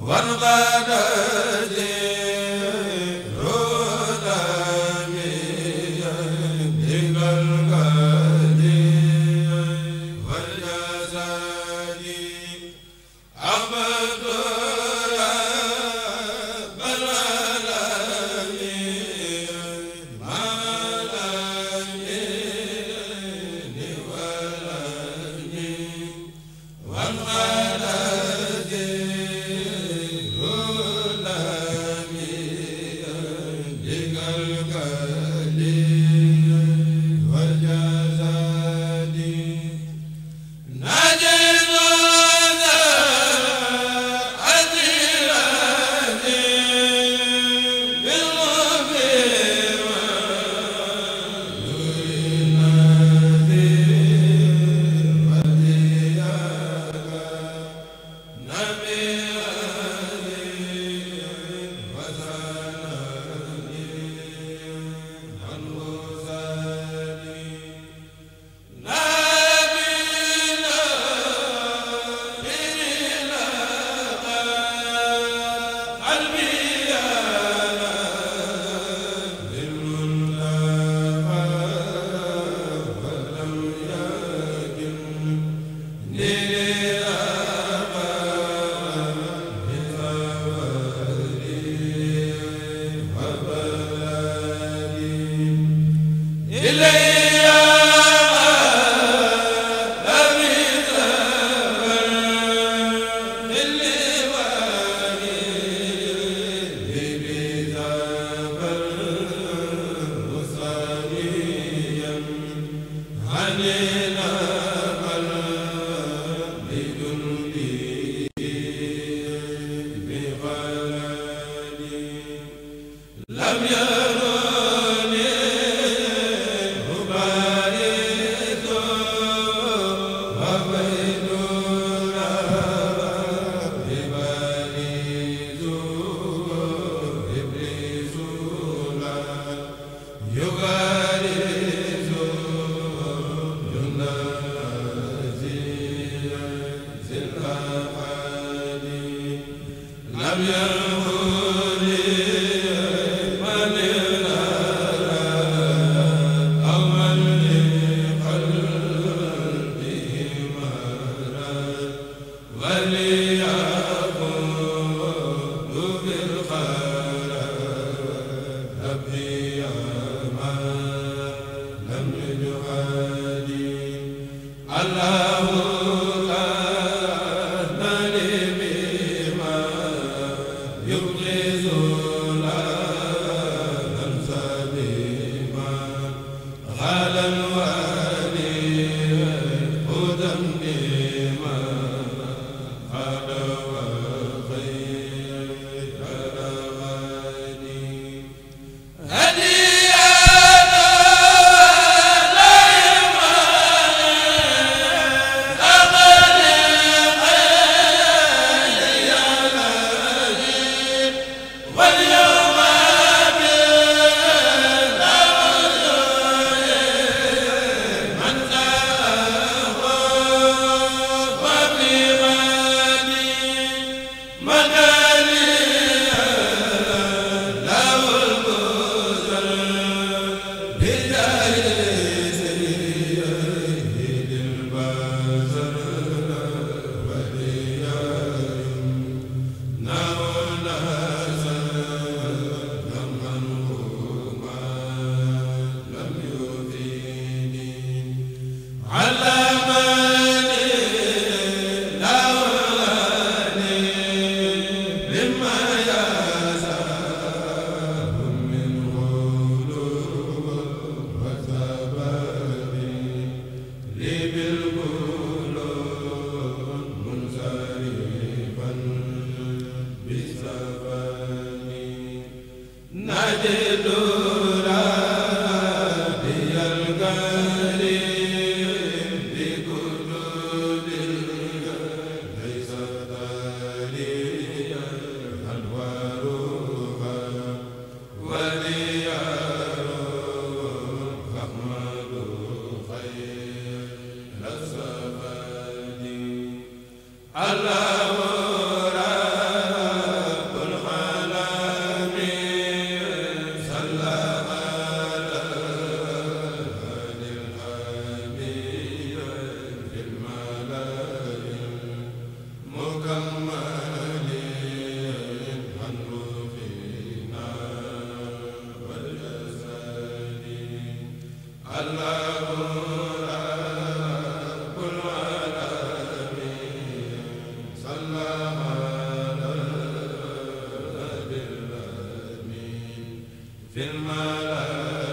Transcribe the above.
والغدر ilay ya Jésus ala Allah la